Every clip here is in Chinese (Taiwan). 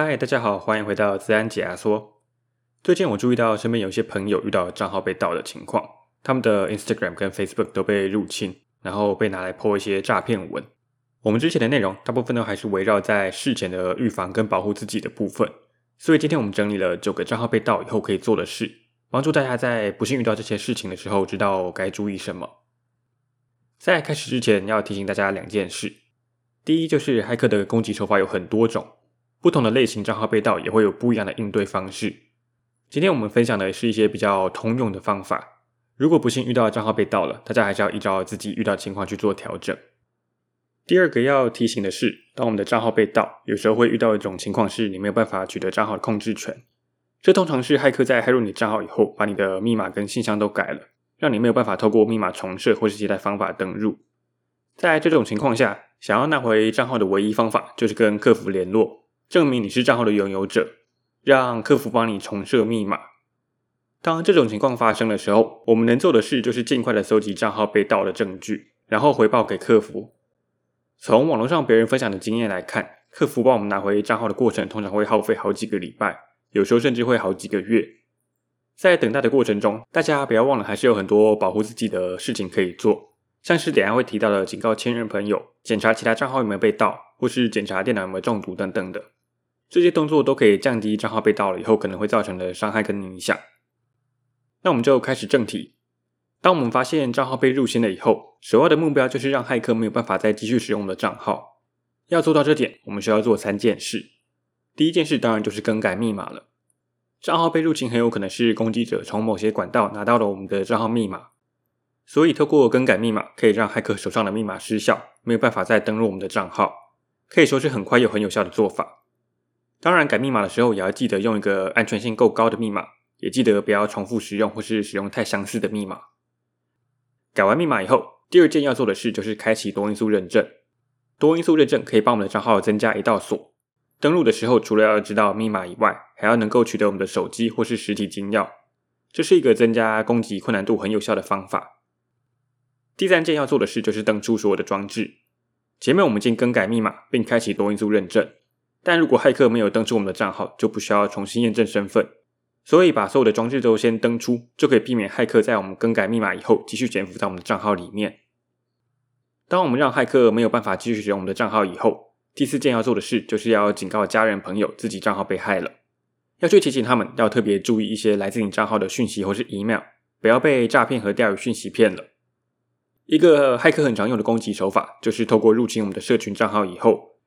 嗨，大家好，歡迎回到資安解壓縮。最近我注意到身邊有一些朋友遇到賬號被盜的情況，他們的 Instagram 跟 Facebook 都被入侵，然後被拿來 po 一些詐騙文。我們之前的內容大部分都還是圍繞在事前的預防跟保護自己的部分，所以今天我們整理了九個賬號被盜以後可以做的事，幫助大家在不幸遇到這些事情的時候，知道該注意什麼。在開始之前，要提醒大家兩件事。第一，就是駭客的攻擊手法有很多種。不同的類型賬號被盜也會有不一樣的應對方式。今天我們分享的是一些比較通用的方法。如果不幸遇到賬號被盜了，大家還是要依照自己遇到的情況去做調整。第二個要提醒的是，當我們的賬號被盜，有時候會遇到一種情況是，你沒有辦法取得賬號的控制權。這通常是駭客在駭入你賬號以後，把你的密碼跟信箱都改了，讓你沒有辦法透過密碼重設或是其他方法登入。在這種情況下，想要拿回賬號的唯一方法就是跟客服聯絡，證明你是賬號的擁有者，讓客服幫你重設密碼。當這種情況發生的時候，我們能做的事就是盡快的收集賬號被盜的證據，然後回報給客服。從網絡上別人分享的經驗來看，客服幫我們拿回賬號的過程通常會耗費好幾個禮拜，有時候甚至會好幾個月。在等待的過程中，大家不要忘了，還是有很多保護自己的事情可以做，像是等下會提到的警告親人朋友，檢查其他賬號有沒有被盜，或是檢查電腦有沒有中毒等等的。這些動作都可以降低賬號被盜了以後可能會造成的傷害跟影響。那我們就開始正題。當我們發現賬號被入侵了以後，首要的目標就是讓駭客沒有辦法再繼續使用我們的賬號。要做到這點，我們需要做三件事。第一件事當然就是更改密碼了。賬號被入侵很有可能是攻擊者從某些管道拿到了我們的賬號密碼，所以透過更改密碼可以讓駭客手上的密碼失效，沒有辦法再登錄我們的賬號，可以說是很快又很有效的做法。當然，改密碼的時候也要記得用一個安全性夠高的密碼，也記得不要重複使用或是使用太相似的密碼。改完密碼以後，第二件要做的事就是開啟多因素認證。多因素認證可以幫我們的賬號增加一道鎖，登錄的時候除了要知道密碼以外，還要能夠取得我們的手機或是實體金鑰。這是一個增加攻擊困難度很有效的方法。第三件要做的事就是登出所有的裝置。前面我們已經更改密碼並開啟多因素認證。但如果駭客沒有登出我們的賬號，就不需要重新驗證身份。所以把所有的裝置都先登出，就可以避免駭客在我們更改密碼以後繼續潛伏在我們的賬號裡面。當我們讓駭客沒有辦法繼續使用我們的賬號以後，第四件要做的事就是要警告家人朋友自己賬號被害了，要去提醒他們要特別注意一些來自你賬號的訊息或是 email，不要被詐騙和釣魚訊息騙了。一個駭客很常用的攻擊手法就是透過入侵我們的社群賬號以後，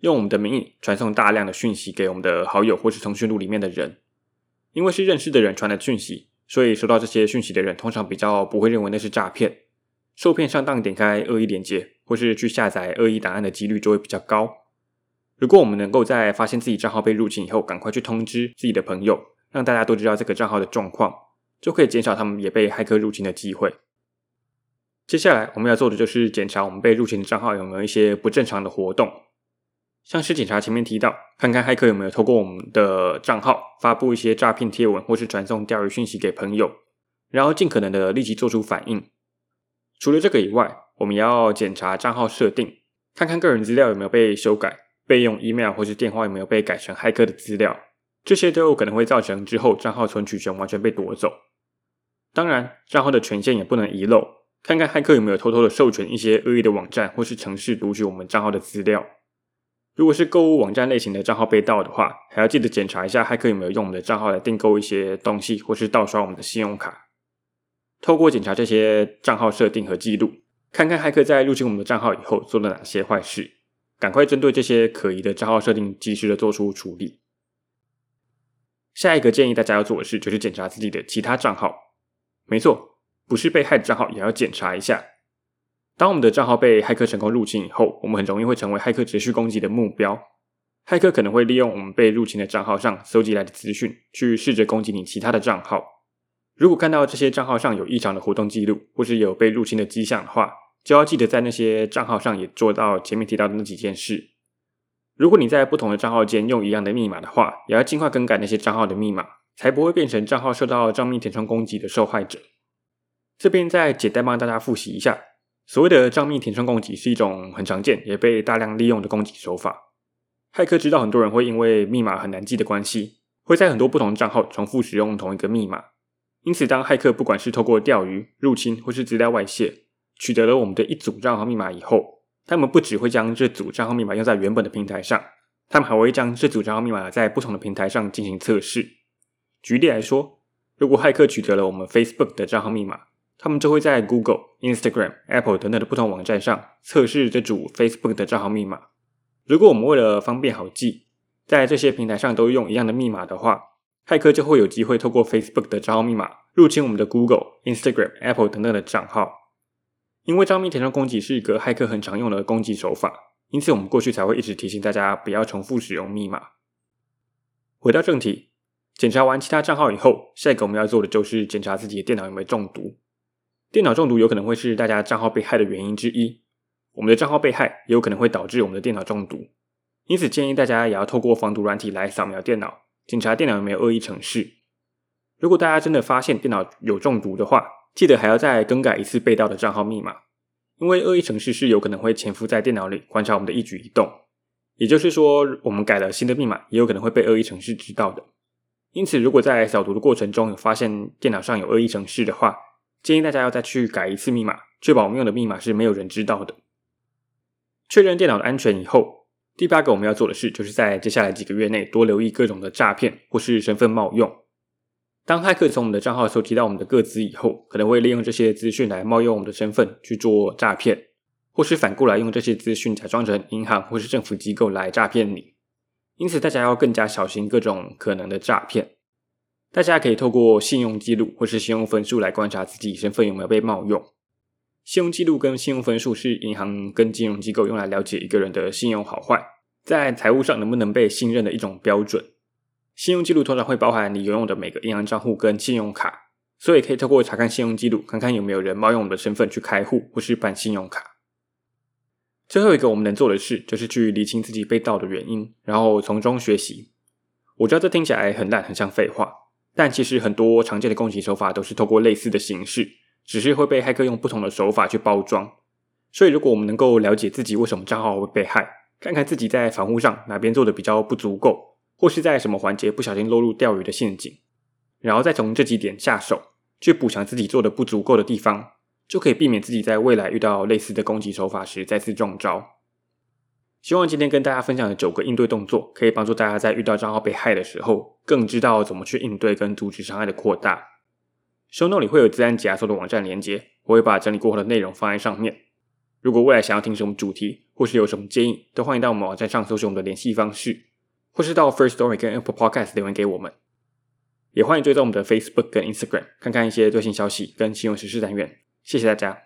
用我們的名義傳送大量的訊息給我們的好友或是通訊錄裡面的人，因為是認識的人傳的訊息，所以收到這些訊息的人通常比較不會認為那是詐騙，受騙上當點開惡意連結或是去下載惡意檔案的幾率就會比較高。如果我們能夠在發現自己賬號被入侵以後，趕快去通知自己的朋友，讓大家都知道這個賬號的狀況，就可以減少他們也被駭客入侵的機會。接下來我們要做的就是檢查我們被入侵的賬號有沒有一些不正常的活動。像是檢查前面提到，看看駭客有沒有透過我們的賬號發布一些詐騙貼文，或是傳送釣魚訊息給朋友，然後盡可能的立即做出反應。除了這個以外，我們也要檢查賬號設定，看看個人資料有沒有被修改，備用 email 或是電話有沒有被改成駭客的資料，這些都有可能會造成之後賬號存取權完全被奪走。當然，賬號的權限也不能遺漏，看看駭客有沒有偷偷的授權一些惡意的網站，或是嘗試讀取我們賬號的資料。如果是購物網站類型的賬號被盜的話，還要記得檢查一下駭客有沒有用我們的賬號來訂購一些東西，或是盜刷我們的信用卡。透過檢查這些賬號設定和記錄，看看駭客在入侵我們的賬號以後做了哪些壞事，趕快針對這些可疑的賬號設定及時的做出處理。下一個建議大家要做的事，就是檢查自己的其他賬號。沒錯，不是被害的賬號也要檢查一下。當我們的賬號被駭客成功入侵以後，我們很容易會成為駭客持續攻擊的目標。駭客可能會利用我們被入侵的賬號上蒐集來的資訊，去試着攻擊你其他的賬號。如果看到這些賬號上有異常的活動記錄，或是有被入侵的跡象的話，就要記得在那些賬號上也做到前面提到的那幾件事。如果你在不同的賬號間用一樣的密碼的話，也要盡快更改那些賬號的密碼，才不會變成賬號受到帳密填充攻擊的受害者。這邊再簡單幫大家複習一下。所謂的賬密填充攻擊是一種很常見，也被大量利用的攻擊手法。駭客知道很多人會因為密碼很難記的關係，會在很多不同賬號重複使用同一個密碼。因此，當駭客不管是透過釣魚、入侵或是資料外泄，取得了我們的一組賬號密碼以後，他們不只會將這組賬號密碼用在原本的平台上，他們還會將這組賬號密碼在不同的平台上進行測試。舉例來說，如果駭客取得了我們 Facebook 的賬號密碼，他們就會在 Google、Instagram、Apple 等等的不同網站上測試這組 Facebook 的賬號密碼。如果我們為了方便好記，在這些平台上都用一樣的密碼的話，駭客就會有機會透過 Facebook 的賬號密碼入侵我們的 Google、Instagram、Apple 等等的賬號。因為賬密填充攻擊是一個駭客很常用的攻擊手法，因此我們過去才會一直提醒大家不要重複使用密碼。回到正題，檢查完其他賬號以後，下一個我們要做的就是檢查自己的電腦有沒有中毒。電腦中毒有可能會是大家賬號被害的原因之一。我們的賬號被害也有可能會導致我們的電腦中毒，因此建議大家也要透過防毒軟體來掃描電腦，檢查電腦有沒有惡意程式。如果大家真的發現電腦有中毒的話，記得還要再更改一次被盜的賬號密碼，因為惡意程式是有可能會潛伏在電腦裡觀察我們的一舉一動。也就是說，我們改了新的密碼，也有可能會被惡意程式知道的。因此，如果在掃毒的過程中有發現電腦上有惡意程式的話，建議大家要再去改一次密碼，確保我們用的密碼是沒有人知道的。確認電腦的安全以後，第八個我們要做的事，就是在接下來幾個月內多留意各種的詐騙或是身份冒用。當駭客從我們的賬號收集到我們的個資以後，可能會利用這些資訊來冒用我們的身份去做詐騙，或是反過來用這些資訊假裝成銀行或是政府機構來詐騙你。因此，大家要更加小心各種可能的詐騙。大家可以透過信用記錄或是信用分數來觀察自己身份有沒有被冒用。信用記錄跟信用分數是銀行跟金融機構用來了解一個人的信用好壞，在財務上能不能被信任的一種標準。信用記錄通常會包含你擁有的每個銀行賬戶跟信用卡，所以可以透過查看信用記錄，看看有沒有人冒用我們的身份去開戶或是辦信用卡。最後一個我們能做的事，就是去釐清自己被盜的原因，然後從中學習。我知道這聽起來很爛，很像廢話。但其實很多常見的攻擊手法都是透過類似的形式，只是會被駭客用不同的手法去包裝。所以，如果我們能夠了解自己為什麼賬號會被駭，看看自己在防護上哪邊做的比較不足夠，或是在什麼環節不小心落入釣魚的陷阱，然後再從這幾點下手，去補強自己做的不足夠的地方，就可以避免自己在未來遇到類似的攻擊手法時再次中招。希望今天跟大家分享的九個應對動作，可以幫助大家在遇到賬號被害的時候，更知道怎麼去應對跟阻止傷害的擴大。Show note 裡會有資安解壓縮的網站連接，我會把整理過後的內容放在上面。如果未來想要聽什麼主題，或是有什麼建議，都歡迎到我們網站上搜尋我們的聯繫方式，或是到 First Story 跟 Apple Podcast 留言給我們。也歡迎追蹤我們的 Facebook 跟 Instagram，看看一些最新消息跟新聞時事單元。謝謝大家。